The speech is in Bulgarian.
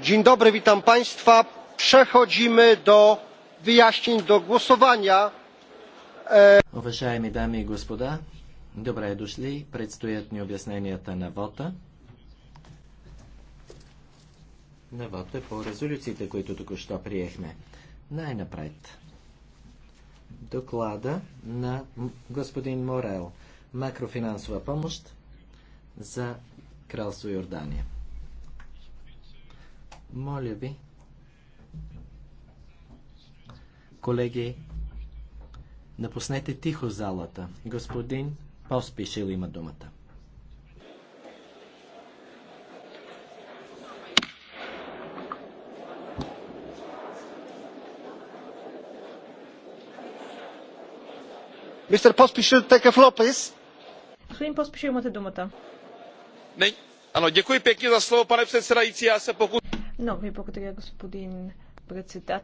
dzień dobry witam państwa. przechodzimy do wyjaśnień do głosowania. E- Уважаеми дами и господа, добре дошли. Предстоят ни обясненията на вота. На вота по резолюциите, които току-що приехме. Най-напред. Доклада на господин Морел. Макрофинансова помощ за Кралство Йордания. Моля ви, колеги, напуснете тихо залата. Господин Поспишил има думата. Мистер Pospíšil, take a floor, Господин Поспишил, имате думата. Не, ано, děkuji pěkně za slovo, pane předsedající. Já se pokud... Много ви благодаря, господин председател.